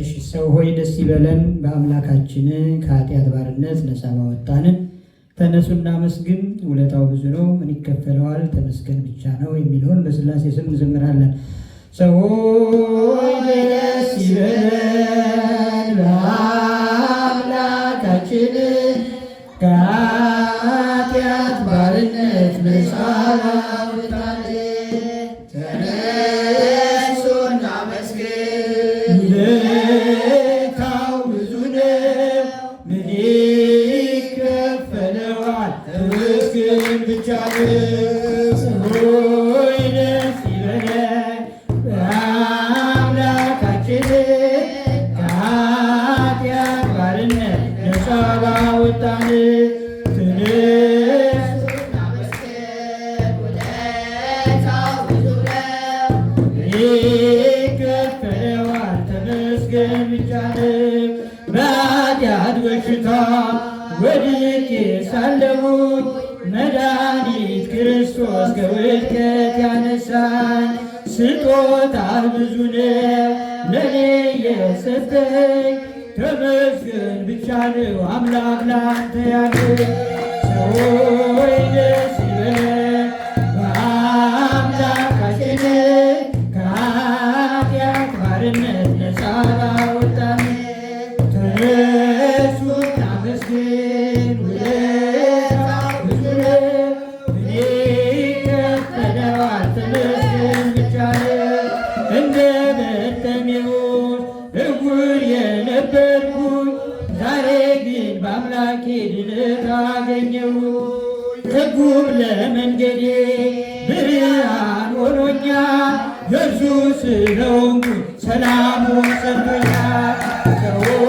እሺ ሰው ሆይ ደስ ይበለን፣ በአምላካችን ከኃጢአት ባርነት ነፃ ባወጣንን። ተነሱ መስግን፣ ውለታው ብዙ ነው፣ ምን ይከፈለዋል? ተመስገን ብቻ ነው የሚለውን በስላሴ ስም እንዘምራለን። ሰው ሆይ ደስ ይበለን ደስታ ወድቄ ሳለሁኝ መድኃኒት ክርስቶስ ከውድቀት ያነሳኝ ስጦታ ብዙ ነው ለኔ የሰጠኝ ተመስገን ብቻ ነው አምላክ ላንተ ያለ ሰዎች ደስ ይበለ በአምላክ ካገኘው ትርጉም ለመንገዴ ብርሃን ሆኖኛል የእርሱ ስለሆንኩ ሰላሙን ሰጥቶኛል።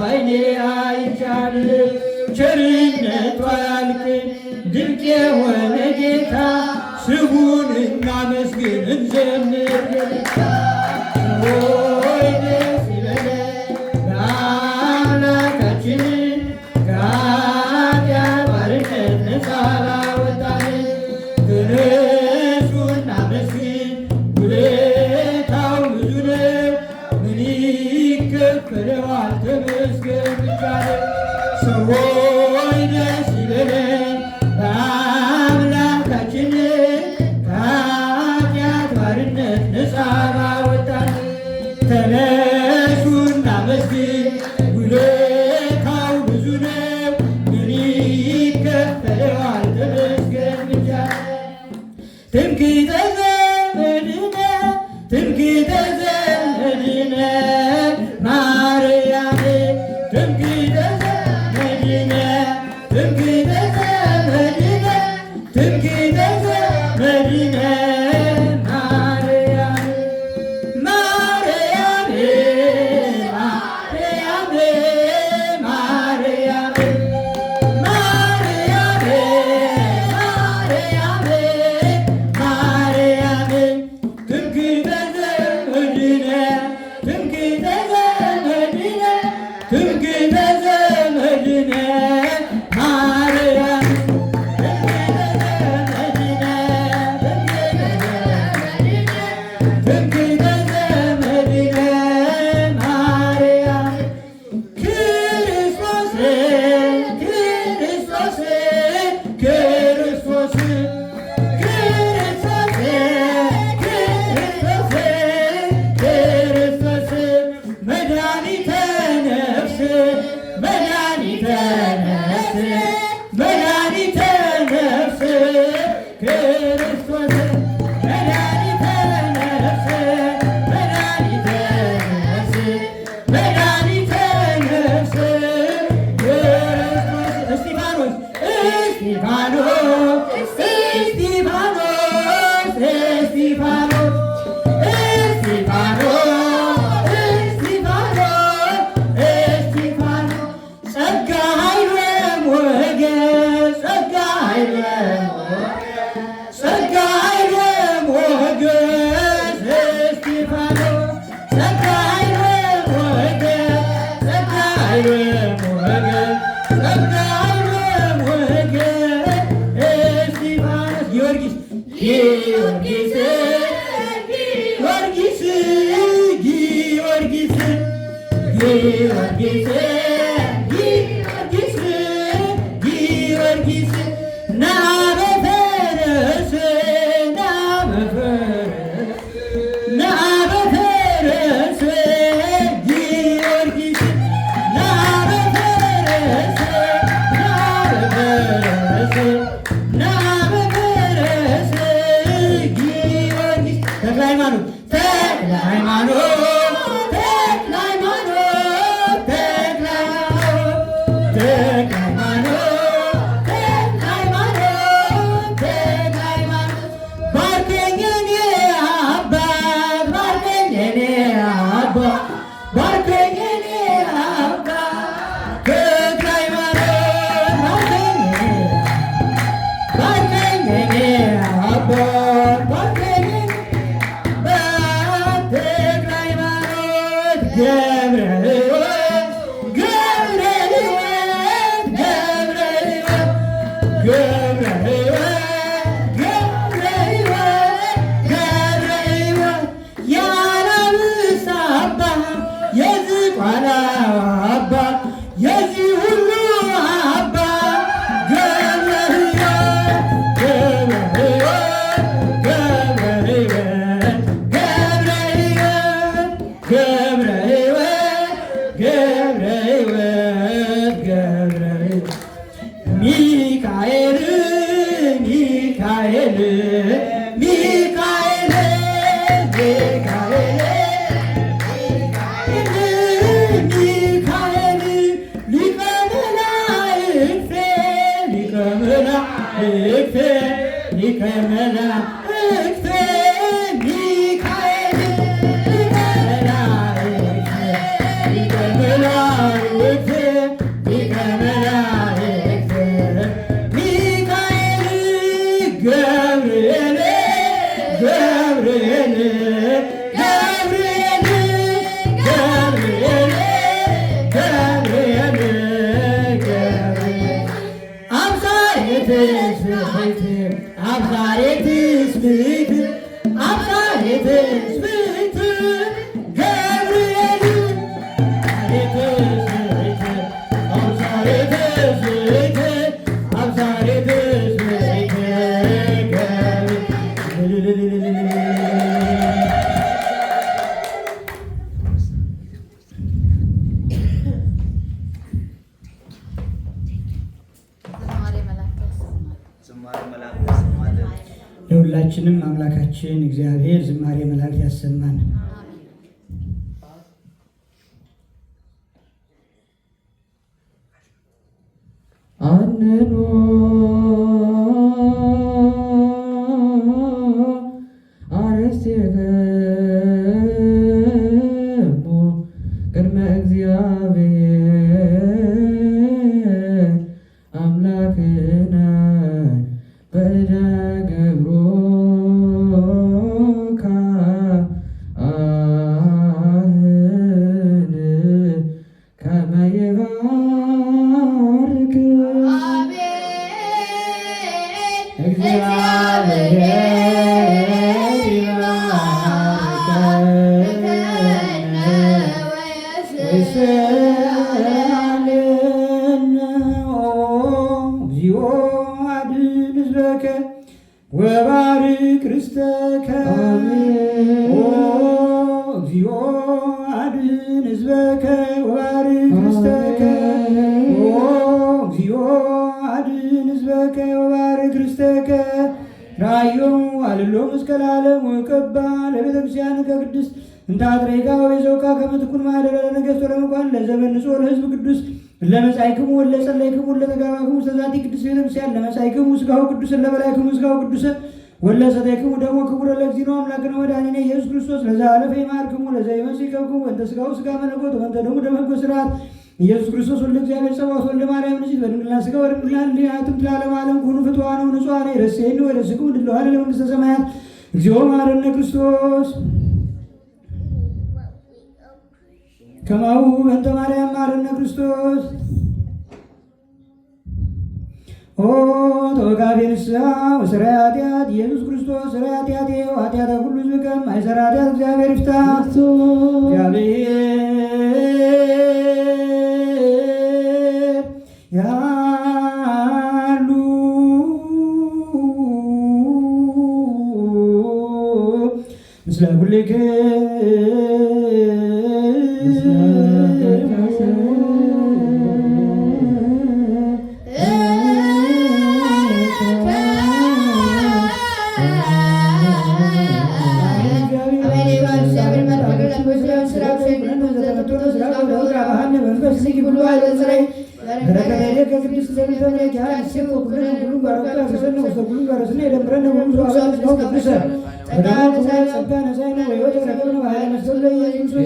በእኔ አይቻል ቸርነቷ አልቅ ድንቅ ሕፃባ ወጣት ተነ Mega! Efendim 미카엘은 미카엘은 አብዛሬ ትስብእ ለሁላችንም አምላካችን እግዚአብሔር ዝማሬ መላእክት ያሰማን። ቅዱስ እንተ አጥሬካ ወይዘውካ ከምትኩን ማህደረ ነገሥት ለመኳን ለዘመን ንጹሕ ለሕዝብ ቅዱስ ለመጻይክሙ ወለጸላይክሙ ወለተጋባክሙ ተዛቲ ቅዱስ ቤተክርስቲያን ለመጻይክሙ ስጋሁ ቅዱስ ለበላይክሙ ስጋሁ ቅዱስ ወለሰደክሙ ደግሞ ክቡር ለእግዚእነ አምላክነ ወድኃኒነ ኢየሱስ ክርስቶስ ለዛ አለፈ ይማርክሙ ለዛ ይመስል ወንተ ስጋሁ ስጋ መለኮት ወንተ ደግሞ ደመጎ ስርዓት ኢየሱስ ክርስቶስ ወልደ እግዚአብሔር ጸባዖት ወልደ ማርያም ንጽሕት በድንግልና ሥጋ ወድንግልና ሊያትም ለዓለመ ዓለም ኩኑ ፍትዋነ ወንጹሐነ ይረሴኒ ወይረስክሙ ድለዋነ ለመንግሥተ ሰማያት እግዚኦ ማረነ ክርስቶስ ከማሁ በእንተ ማርያም ማረነ ክርስቶስ ኦ ተወቃቤ ንስሐ ወሰራይ ኃጢአት ኢየሱስ ክርስቶስ ሰራይ ኃጢአት ኃጢአተ ኩሉ ሕዝብ ከመ ኃጢአት እግዚአብሔር ይፍታ። ያሉ ምስለ ኩልክም ሁሉ አይበጽረኝ በረከተሌ ከቅዱስ ዘሚሆነ ጃ ይሴቆ ኩለን ሁሉ ባረቃ ሰሰነ ሰጉሉ ባረስነ የደምረነ ወንዙ አዛዝ ነው ነሳይነ ወይወት ረገብነ ባህያ መስለ የኢየሱስ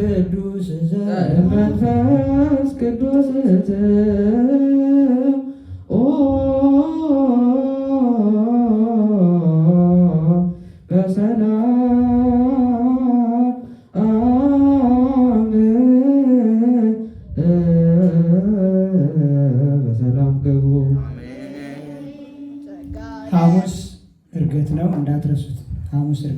ቅዱስ ዘመንፈስ ቅዱስ በሰላም Σα